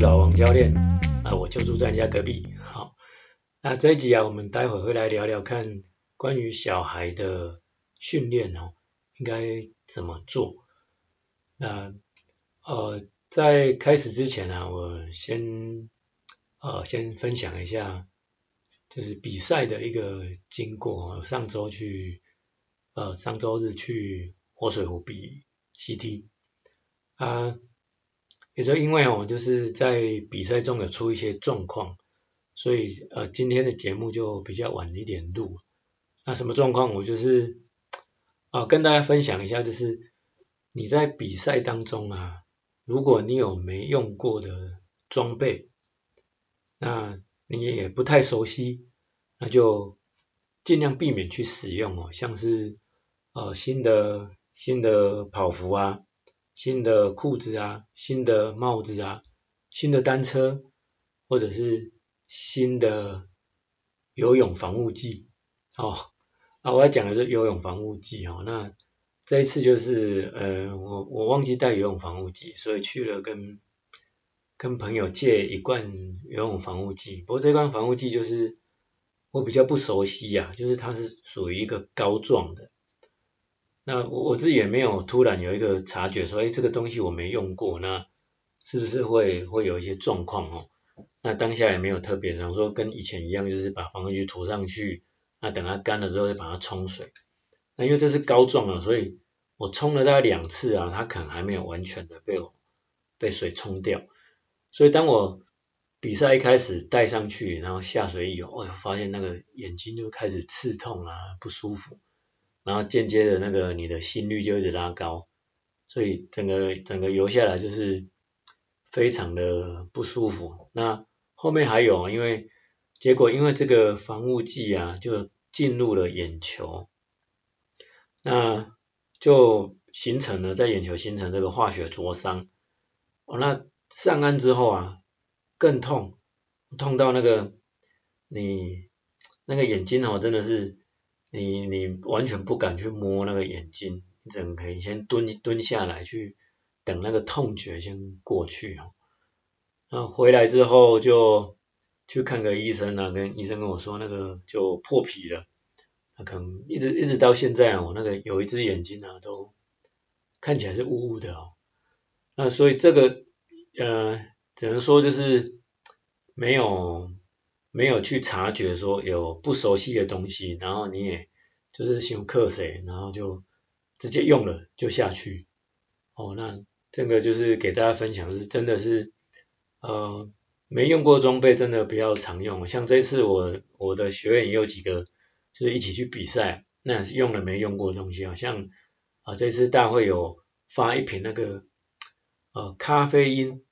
老王教練啊，我就住在你家隔壁。好，那這一集啊，我們待會會來聊聊看關於小孩的訓練哦，應該怎麼做？那呃，在開始之前呢，啊，我先呃先分享一下，就是比賽的一個經過。上周去呃上周日去活水湖比 C T。啊。呃也就因為我、哦、就是在比賽中有出一些狀況，所以呃，今天的節目就比較晚一點錄。那什麼狀況？我就是啊、呃，跟大家分享一下，就是你在比賽當中啊，如果你有沒用過的裝備，那你也不太熟悉，那就盡量避免去使用哦，像是啊、呃、新的新的跑服啊。新的褲子啊，新的帽子啊，新的單車，或者是新的游泳防霧劑。哦，啊，我要講的是游泳防霧劑哦。那這一次就是，呃，我我忘記帶游泳防霧劑，所以去了跟跟朋友借一罐游泳防霧劑。不過這罐防霧劑就是我比較不熟悉呀、啊，就是它是屬於一個膏狀的。那我我自己也沒有突然有一個察覺說，哎，這個東西我沒用過，那是不是會會有一些狀況哦？那當下也沒有特別想說跟以前一樣，就是把防護劑塗上去，那等它乾了之後再把它沖水。那因為這是膏狀的，所以我沖了大概兩次啊，它可能還沒有完全的被我被水沖掉。所以當我比賽一開始戴上去，然後下水以後，呦、哦，發現那個眼睛就開始刺痛啊，不舒服。然後間接的那個，你的心率就一直拉高，所以整個整個游下來就是非常的不舒服。那後面還有，因為結果因為這個防霧劑啊，就進入了眼球，那就形成了，在眼球形成這個化學灼傷。哦，那上岸之後啊，更痛，痛到那個你那個眼睛哦，真的是。你你完全不敢去摸那個眼睛，你只能可以先蹲、蹲下來去等那個痛覺先過去哦。那、啊、回來之後就去看個醫生呢、啊，跟醫生跟我說那個就破皮了，那、啊、可能一直一直到現在啊、哦，我那個有一隻眼睛呢、啊、都看起來是烏烏的哦。那所以這個呃只能說就是沒有。沒有去察覺說有不熟悉的東西，然後你也就是喜歡克誰，然後就直接用了就下去。哦，那這個就是給大家分享是真的是，呃，沒用過裝備真的比較常用。像這次我我的學員也有幾個就是一起去比賽，那也是用了沒用過的東西啊。像啊、呃、這次大會有發一瓶那個呃咖啡因，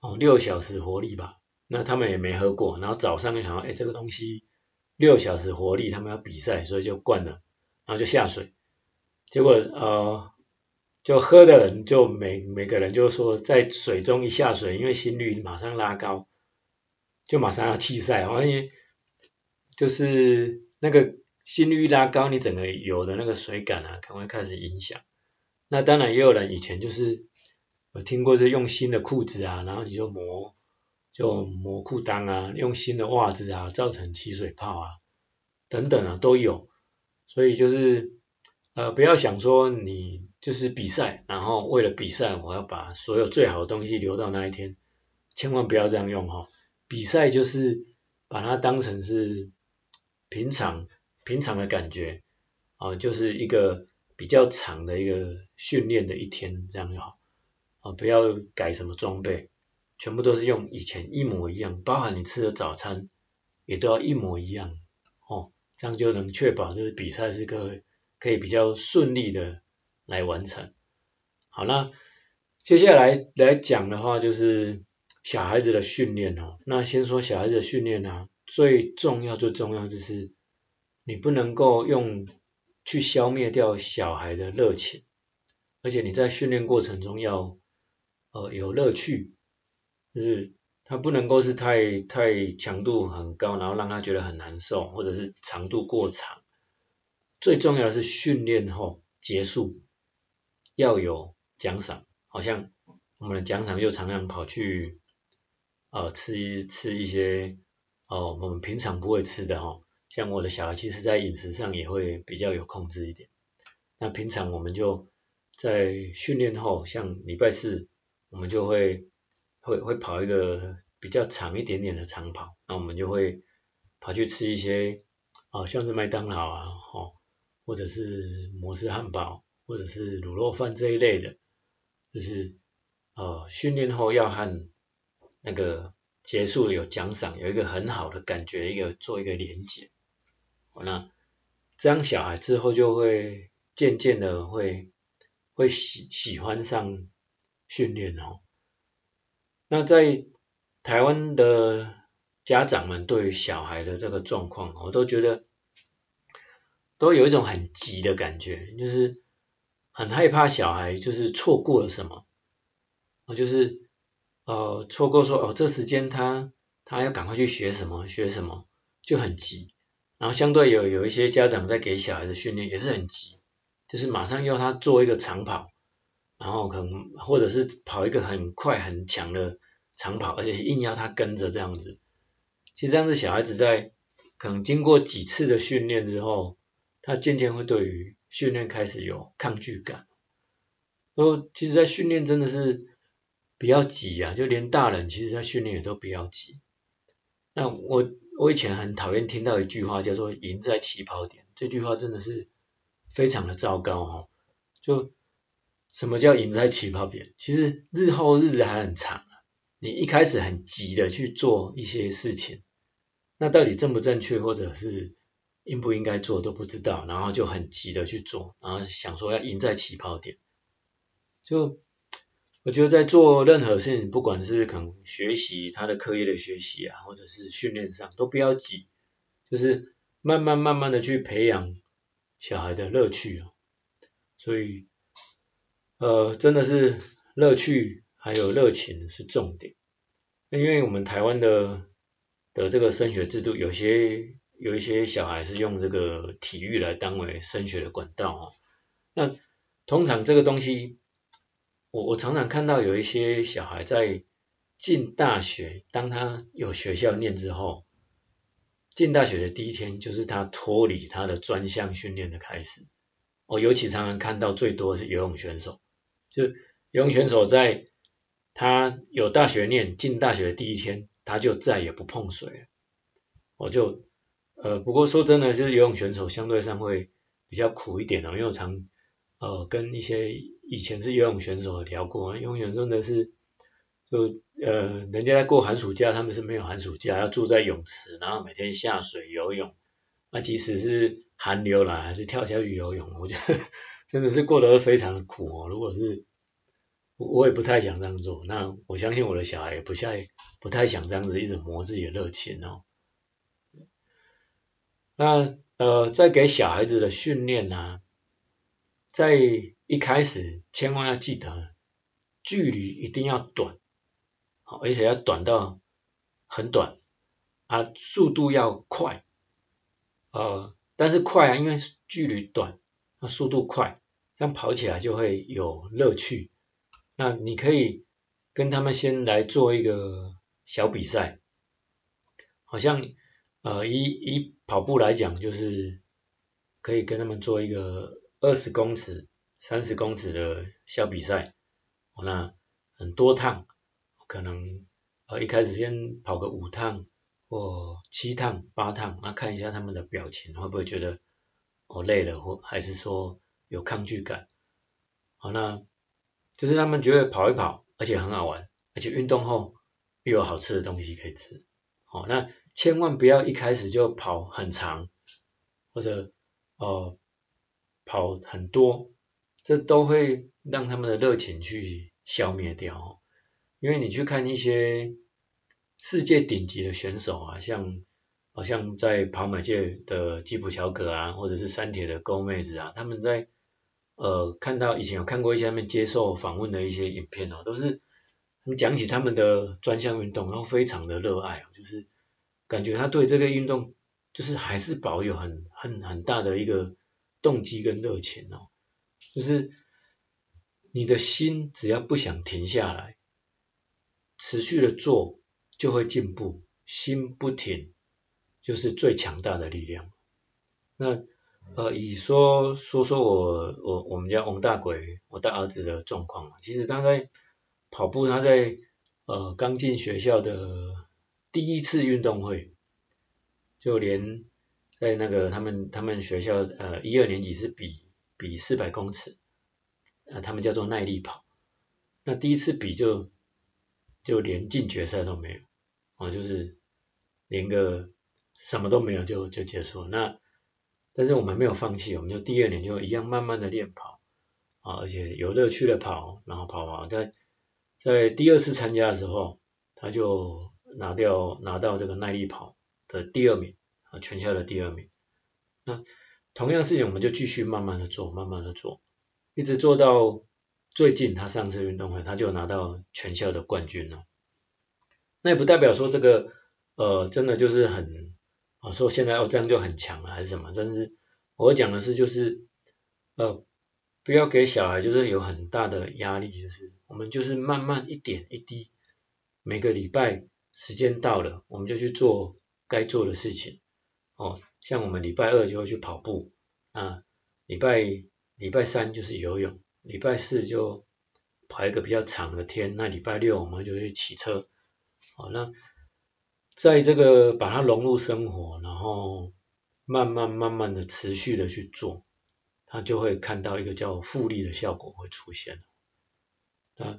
哦，六小時活力吧。那他們也沒喝過，然後早上就想說，哎，這個東西六小時活力，他們要比賽，所以就灌了，然後就下水，結果呃，就喝的人就每每個人就說，在水中一下水，因為心率馬上拉高，就馬上要棄賽，因、哎、為就是那個心率拉高，你整個有的那個水感啊，可能會開始影響。那當然也有人以前就是，我聽過是用新的褲子啊，然後你就磨。就磨褲襠啊，用新的襪子啊，造成起水泡啊，等等啊，都有。所以就是，呃，不要想說你就是比賽，然後為了比賽，我要把所有最好的東西留到那一天，千萬不要這樣用哈、哦。比賽就是把它當成是平常平常的感覺啊、呃，就是一個比較長的一個訓練的一天這樣就好啊、呃，不要改什麼裝備。全部都是用以前一模一樣，包含你吃的早餐也都要一模一樣哦，這樣就能確保這個比賽是個可以比較順利的來完成。好，那接下來來講的話，就是小孩子的訓練哦、啊。那先說小孩子的訓練啊，最重要最重要就是你不能夠用去消滅掉小孩的熱情，而且你在訓練過程中要呃有樂趣。就是他不能夠是太太強度很高，然後讓他覺得很難受，或者是長度過長。最重要的是訓練後結束要有獎賞，好像我們的獎賞就常常跑去呃吃一吃一些哦，我們平常不會吃的哦。像我的小孩，其實在飲食上也會比較有控制一點。那平常我們就在訓練後，像禮拜四我們就會。會會跑一個比較長一點點的長跑，那我們就會跑去吃一些哦，像是麥當勞啊，吼、哦，或者是摩斯漢堡，或者是滷肉飯這一類的，就是哦，訓練後要和那個結束了有獎賞，有一個很好的感覺，一個做一個連結，那這樣小孩之後就會漸漸的會會喜喜歡上訓練哦。那在台灣的家長們對於小孩的這個狀況，我都覺得都有一種很急的感覺，就是很害怕小孩就是錯過了什麼，我就是呃錯過說哦這時間他他要趕快去學什麼學什麼，就很急，然後相對有有一些家長在給小孩的訓練也是很急，就是馬上要他做一個長跑。然後可能或者是跑一個很快很強的長跑，而且硬要他跟着這樣子，其實這樣子小孩子在可能經過幾次的訓練之後，他漸漸會對於訓練開始有抗拒感。然後其實，在訓練真的是不要急啊，就連大人其實在訓練也都不要急。那我我以前很討厭聽到一句話叫做“贏在起跑點”，這句話真的是非常的糟糕哈、哦，就。什麼叫贏在起跑點？其實日後日子還很長，你一開始很急的去做一些事情，那到底正不正確，或者是應不應該做都不知道，然後就很急的去做，然後想說要贏在起跑點。就我覺得在做任何事情，不管是可能學習他的課業的學習啊，或者是訓練上，都不要急，就是慢慢慢慢的去培養小孩的樂趣啊，所以。呃，真的是樂趣還有熱情是重點，那因為我們台灣的的這個升學制度，有些有一些小孩是用這個體育來當為升學的管道哦。那通常這個東西，我我常常看到有一些小孩在進大學，當他有學校念之後，進大學的第一天就是他脫離他的專項訓練的開始。哦，尤其常常看到最多是游泳選手。就游泳選手在他有大學念，進大學的第一天，他就再也不碰水了。我就呃，不過說真的，就是游泳選手相對上會比較苦一點哦，因為我常呃跟一些以前是游泳選手聊過，游泳選手真的是就呃，人家在過寒暑假，他們是沒有寒暑假，要住在泳池，然後每天下水游泳。那即使是寒流來，還是跳下去游泳，我覺得。真的是過得非常的苦哦。如果是我，我也不太想這樣做。那我相信我的小孩也不太不太想這樣子一直磨自己的熱情哦。那呃，在給小孩子的訓練呢，在一開始千萬要記得，距離一定要短，好，而且要短到很短，啊，速度要快，呃，但是快啊，因為距離短。那速度快，這樣跑起來就會有樂趣。那你可以跟他們先來做一個小比賽，好像呃，以以跑步來講，就是可以跟他們做一個二十公尺、三十公尺的小比賽。那很多趟，可能呃一開始先跑個五趟或七趟、八趟，那看一下他們的表情，會不會覺得？哦，累了，或還是說有抗拒感，好，那就是他們覺得跑一跑，而且很好玩，而且運動後又有好吃的東西可以吃，好，那千萬不要一開始就跑很長，或者哦，呃，跑很多，這都會讓他們的熱情去消滅掉，因為你去看一些世界頂級的選手啊，像。好像在跑馬界的基普喬蓋啊，或者是三鐵的勾妹子啊，他們在呃看到以前有看過一些他們接受訪問的一些影片哦、啊，都是他們講起他們的專項運動，然後非常的熱愛、啊，就是感覺他對這個運動就是還是保有很很很大的一個動機跟熱情哦、啊，就是你的心只要不想停下來，持續的做就會進步，心不停。就是最強大的力量。那呃，以說說說我我我們家翁大鬼，我大兒子的狀況，其實他在跑步，他在呃剛進學校的第一次運動會，就連在那個他們他們學校呃一二年級是比比四百公尺，呃他們叫做耐力跑，那第一次比就就連進決賽都沒有，啊，呃，就是連個。什麼都沒有就就結束，那但是我們沒有放棄，我們就第二年就一樣慢慢的練跑啊，而且有樂趣的跑，然後跑跑在在第二次參加的時候，他就拿掉拿到這個耐力跑的第二名啊，全校的第二名。那同樣事情我們就繼續慢慢的做，慢慢的做，一直做到最近他上次運動會他就拿到全校的冠軍了。那也不代表說這個呃真的就是很。哦，所以現在哦這樣就很強了，還是什麼？真是我講的是就是，呃，不要給小孩就是有很大的壓力，就是我們就是慢慢一點一滴，每個禮拜時間到了，我們就去做該做的事情。哦，像我們禮拜二就會去跑步啊，禮拜禮拜三就是游泳，禮拜四就跑一個比較長的天，那禮拜六我們就去騎車。哦，那。在這個把它融入生活，然後慢慢慢慢的持續的去做，它就會看到一個叫複利的效果會出現啊，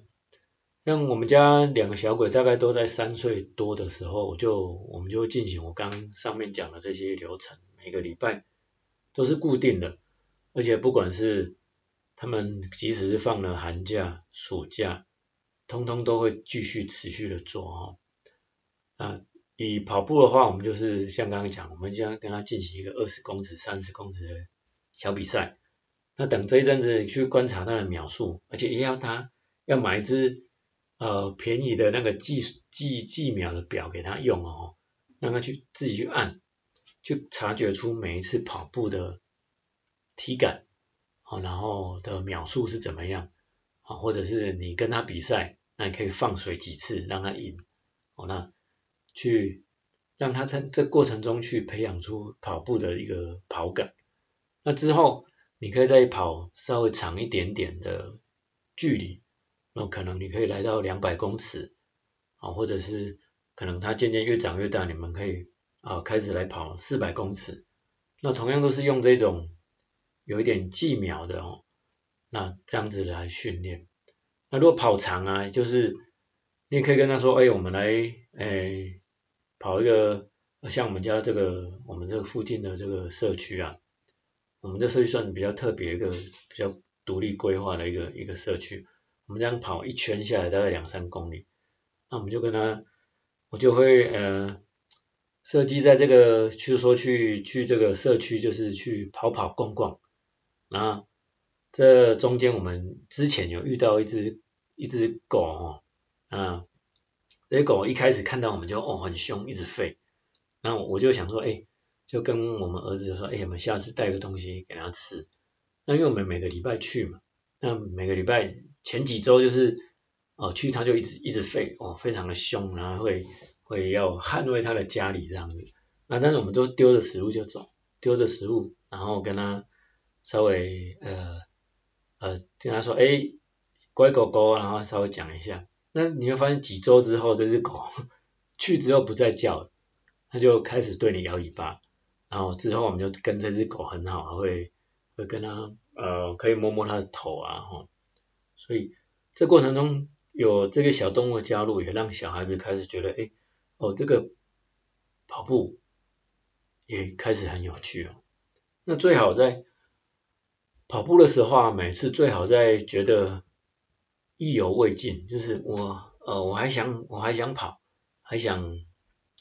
像我們家兩個小鬼，大概都在三歲多的時候，我就我們就會進行我剛剛上面講的這些流程，每個禮拜都是固定的，而且不管是他們即使是放了寒假、暑假，通通都會繼續持續的做哈，啊。以跑步的話，我們就是像剛剛講，我們就要跟他進行一個二十公尺、三十公尺的小比賽。那等這一陣子去觀察他的秒數，而且一定要他要買一支呃便宜的那個計計計秒的表給他用哦，讓他去自己去按，去察覺出每一次跑步的體感，好、哦，然後的秒數是怎麼樣，啊、哦，或者是你跟他比賽，那你可以放水幾次讓他贏，好、哦，那。去讓他在這過程中去培養出跑步的一個跑感，那之後你可以再跑稍微長一點點的距離，那可能你可以來到兩百公尺啊、哦，或者是可能他漸漸越長越大，你們可以啊開始來跑四百公尺，那同樣都是用這種有一點計秒的哦，那這樣子來訓練。那如果跑長啊，就是你也可以跟他說，哎，我們來哎。跑一個像我們家這個，我們這個附近的這個社區啊，我們這社區算比較特別一個比較獨立規劃的一個一個社區。我們這樣跑一圈下來大概兩三公里，那我們就跟他，我就會呃設計在這個，就是說去去這個社區就是去跑跑逛逛。那這中間我們之前有遇到一隻一隻狗啊。這個狗一開始看到我們就哦很凶，一直吠，那我我就想說，哎、欸，就跟我們兒子就說，哎、欸，我們下次帶個東西給他吃。那因為我們每個禮拜去嘛，那每個禮拜前幾周就是哦去他就一直一直吠哦，非常的凶，然後會會要捍衛他的家裡這樣子。那但是我們都丟着食物就走，丟着食物，然後跟他稍微呃呃跟他說，哎、欸，乖狗狗，然後稍微講一下。那你會發現幾周之後，這隻狗去之後不再叫了，它就開始對你搖尾巴。然後之後我們就跟這隻狗很好，會會跟它呃，可以摸摸它的頭啊，吼、哦。所以這過程中有這個小動物的加入，也讓小孩子開始覺得，哎，哦，這個跑步也開始很有趣哦。那最好在跑步的時候，每次最好在覺得。意猶未盡，就是我呃我還想我還想跑，還想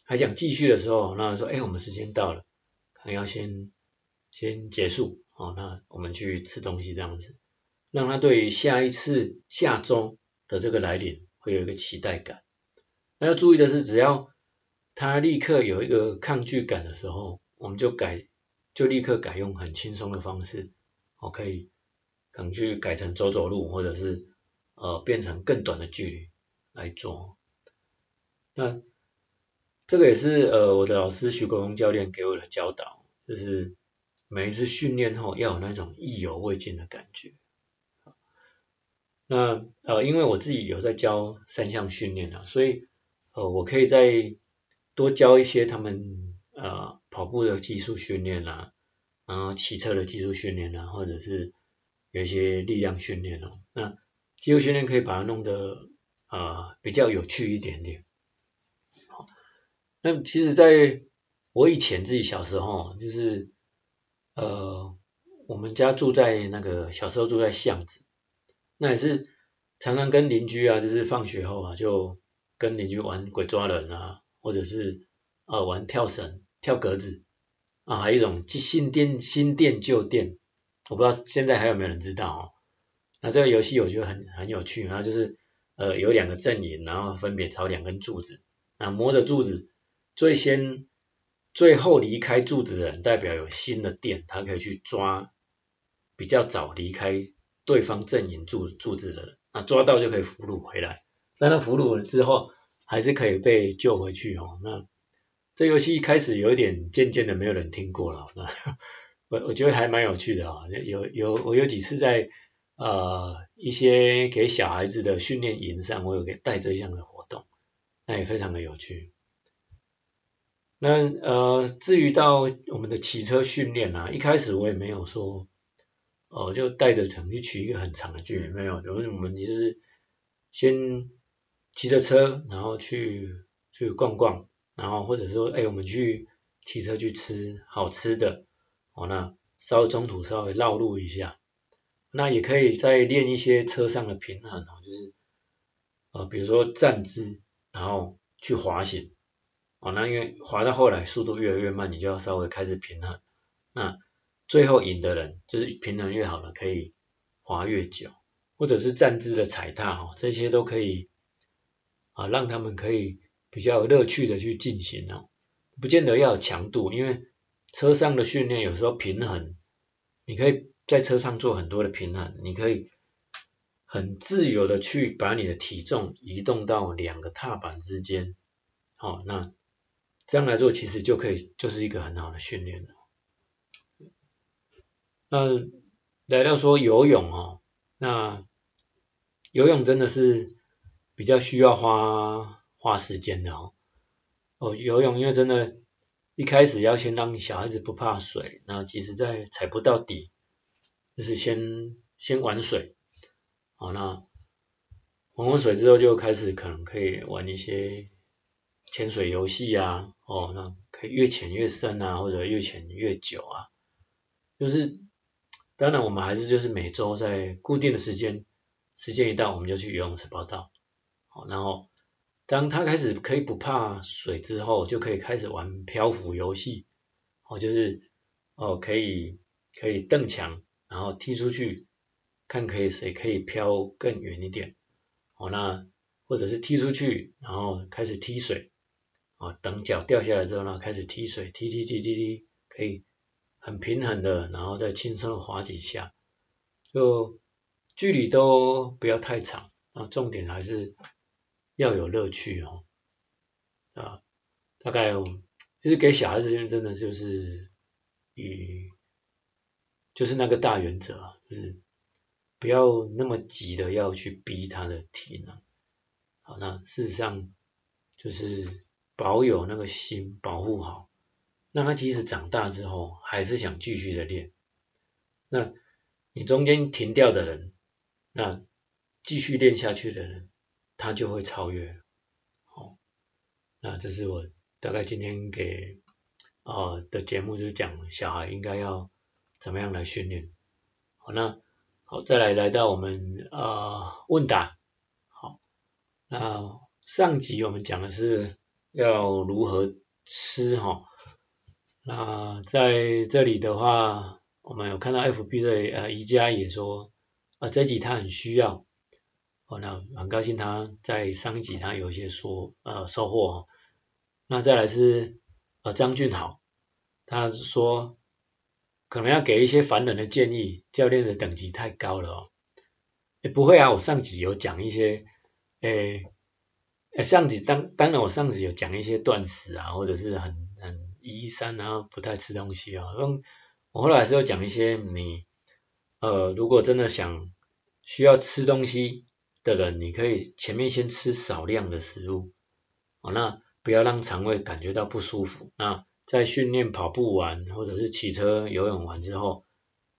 還想繼續的時候，那說哎、欸、我們時間到了，可能要先先結束，好、哦，那我們去吃東西這樣子，讓他對下一次下周的這個來臨會有一個期待感。那要注意的是，只要他立刻有一個抗拒感的時候，我們就改就立刻改用很輕鬆的方式，好、哦、可以可能去改成走走路或者是。呃，變成更短的距離來做。那這個也是呃我的老師徐國峰教練給我的教導，就是每一次訓練後要有那種意猶未盡的感覺。那呃，因為我自己有在教三項訓練啊，所以呃我可以再多教一些他們呃跑步的技術訓練啊，然後騎車的技術訓練啊，或者是有一些力量訓練哦。那肌肉訓練可以把它弄得啊、呃、比較有趣一點點。那其實在我以前自己小時候，就是呃我們家住在那個小時候住在巷子，那也是常常跟鄰居啊，就是放學後啊就跟鄰居玩鬼抓人啊，或者是啊、呃、玩跳繩、跳格子啊，還有一種新店、新店、舊店，我不知道現在還有沒有人知道哦。那這個遊戲我覺得很很有趣，然後就是，呃，有兩個陣營，然後分別找兩根柱子，那、啊、摸着柱子，最先、最後離開柱子的人代表有新的電，他可以去抓比較早離開對方陣營柱柱子的人，那、啊、抓到就可以俘虜回來，但他俘虜了之後還是可以被救回去哦。那這個、遊戲一開始有一點漸漸的沒有人聽過了，那我我覺得還蠻有趣的啊、哦，有有我有幾次在。呃，一些給小孩子的訓練營上，我有給帶這樣的活動，那也非常的有趣。那呃，至於到我們的騎車訓練啊，一開始我也沒有說，哦、呃，就帶着人去騎一個很長的距離，嗯、沒有，因為我們就是先騎着車，然後去去逛逛，然後或者說，哎，我們去騎車去吃好吃的，哦，那稍微中途稍微繞路一下。那也可以再練一些車上的平衡哦，就是呃，比如說站姿，然後去滑行，哦，那因為滑到後來速度越來越慢，你就要稍微開始平衡。那最後贏的人就是平衡越好了，可以滑越久，或者是站姿的踩踏哈，這些都可以啊，讓他們可以比較有樂趣的去進行哦，不見得要有強度，因為車上的訓練有時候平衡你可以。在車上做很多的平衡，你可以很自由的去把你的體重移動到兩個踏板之間。好、哦，那這樣來做其實就可以，就是一個很好的訓練了。那來到說游泳哦，那游泳真的是比較需要花花時間的哦。哦，游泳因為真的一開始要先讓小孩子不怕水，那其實在踩不到底。就是先先玩水，好，那玩完水之後就開始可能可以玩一些潛水遊戲啊，哦，那可以越潛越深啊，或者越潛越久啊，就是當然我們還是就是每週在固定的時間，時間一到我們就去游泳池報到。好，然後當他開始可以不怕水之後，就可以開始玩漂浮遊戲，哦，就是哦可以可以蹬牆。然後踢出去，看可以誰可以飄更遠一點，哦，那或者是踢出去，然後開始踢水，啊，等腳掉下來之後呢，那開始踢水，踢踢踢踢踢，可以很平衡的，然後再輕鬆的滑幾下，就距離都不要太長，啊，重點還是要有樂趣哦，啊大概其實給小孩子認真的就是以。就是那個大原則，就是不要那麼急的要去逼他的體能。好，那事實上就是保有那個心，保護好，那他即使長大之後還是想繼續的練。那你中間停掉的人，那繼續練下去的人，他就會超越。好，那這是我大概今天給啊、呃、的節目，就是講小孩應該要。怎麼樣來訓練？好，那好，再來來到我們呃問答。好，那上集我們講的是要如何吃哈、哦。那在這裡的話，我們有看到 FB 的呃宜家也說啊、呃、這集他很需要。好，那很高興他在上一集他有一些說呃收穫哦。那再來是呃張俊豪，他說。可能要給一些凡人的建議，教練的等級太高了哦。不會啊，我上集有講一些，誒，誒上集當當然我上次有講一些斷食啊，或者是很很移山啊，不太吃東西啊。我後來是有講一些，你呃如果真的想需要吃東西的人，你可以前面先吃少量的食物，哦，那不要讓腸胃感覺到不舒服那，在訓練跑步完，或者是騎車、游泳完之後，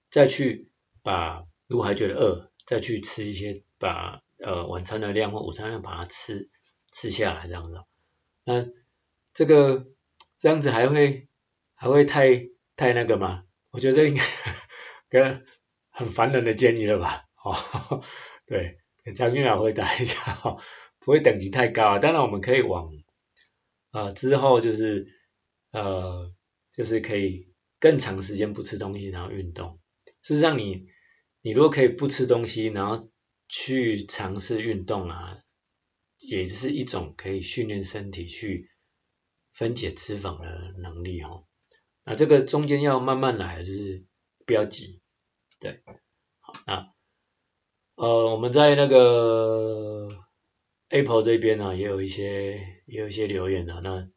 再去把如果還覺得餓，再去吃一些把呃晚餐的量或午餐量把它吃吃下來這樣子。那這個這樣子還會還會太太那個嗎？我覺得這應該跟很煩人的建議了吧。哦，對，給張俊老師回答一下哈，不會等級太高啊，當然我們可以往啊，呃，之後就是。呃，就是可以更長時間不吃東西，然後運動。事實上你，你你如果可以不吃東西，然後去嘗試運動啊，也是一種可以訓練身體去分解脂肪的能力哦。那這個中間要慢慢來，就是不要急，對，好，那。呃，我們在那個 Apple 這邊呢、啊，也有一些也有一些留言啊。那。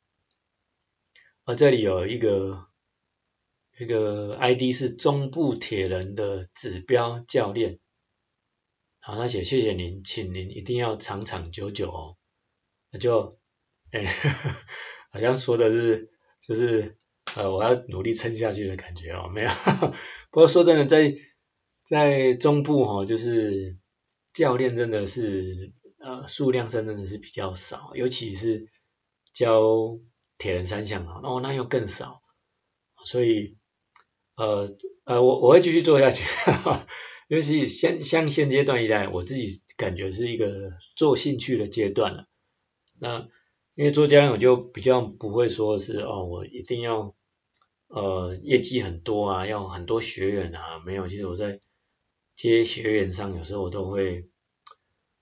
我、啊、這裡有一個一個 ID 是中部鐵人的指標教練，好，那寫謝謝您，請您一定要長長久久哦。那就哎、欸，好像說的是就是呃，我要努力撐下去的感覺哦，沒有。呵呵不過說真的，在在中部哈、哦，就是教練真的是呃數量真的是比較少，尤其是教。鐵人三項啊，哦，那又更少，所以，呃呃，我我會繼續做下去，哈哈，尤其現像，像現階段以來，我自己感覺是一個做興趣的階段了。那因為做教練，我就比較不會說是哦，我一定要呃業績很多啊，要很多學員啊，沒有。其實我在接學員上，有時候我都會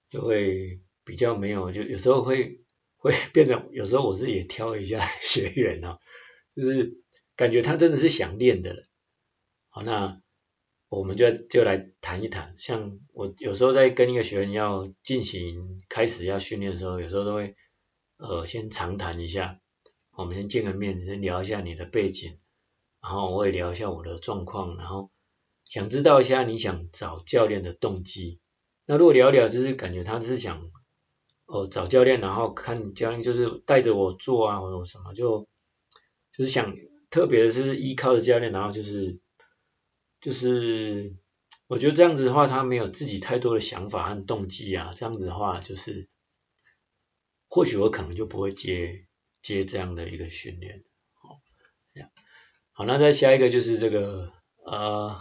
就會比較沒有，就有時候會。會變成有時候我是也挑一下學員哦、啊，就是感覺他真的是想練的。好，那我們就就來談一談。像我有時候在跟一個學員要進行開始要訓練的時候，有時候都會呃先長談一下，我們先見個面，先聊一下你的背景，然後我也聊一下我的狀況，然後想知道一下你想找教練的動機。那如果聊一聊，就是感覺他是想。哦，找教練，然後看教練就是帶着我做啊，或者什麼，就就是想特別的就是依靠着教練，然後就是就是我覺得這樣子的話，他沒有自己太多的想法和動機啊，這樣子的話就是或許我可能就不會接接這樣的一個訓練，好、哦，好，那再下一個就是這個呃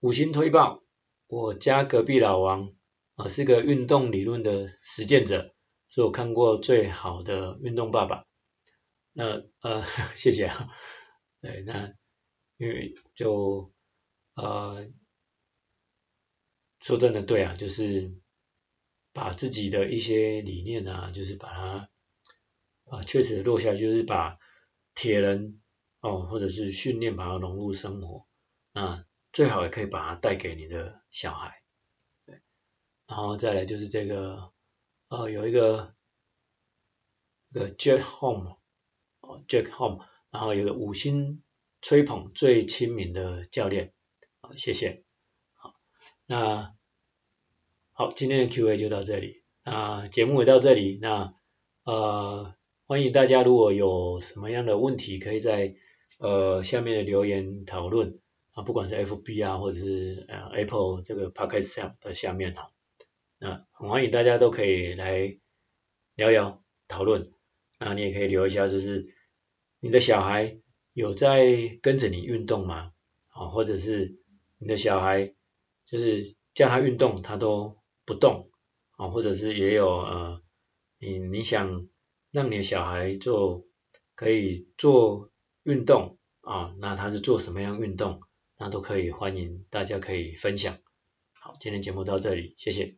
五星推爆我家隔壁老王。啊、呃，是個運動理論的實踐者，是我看過最好的運動爸爸。那呃，謝謝啊。對，那因為就呃，說真的，對啊，就是把自己的一些理念啊，就是把它啊，把確實的落下，就是把鐵人哦，或者是訓練，把它融入生活。啊，最好也可以把它帶給你的小孩。然後再來就是這個，呃，有一個一個 Jack Home，哦 Jack Home，然後有個五星吹捧最親民的教練。好、哦、謝謝，好，那好，今天的 Q&A 就到這裡，那、呃、節目也到這裡。那呃歡迎大家如果有什麼樣的問題，可以在呃下面的留言討論啊，不管是 FB 啊或者是呃 Apple 這個 Podcast App 的下面，啊那很歡迎大家都可以來聊聊討論，那你也可以聊一下，就是你的小孩有在跟着你運動嗎？啊，或者是你的小孩就是叫他運動他都不動啊，或者是也有呃，你你想讓你的小孩做可以做運動啊，那他是做什麼樣的運動？那都可以歡迎大家可以分享。好，今天節目到這裡，謝謝。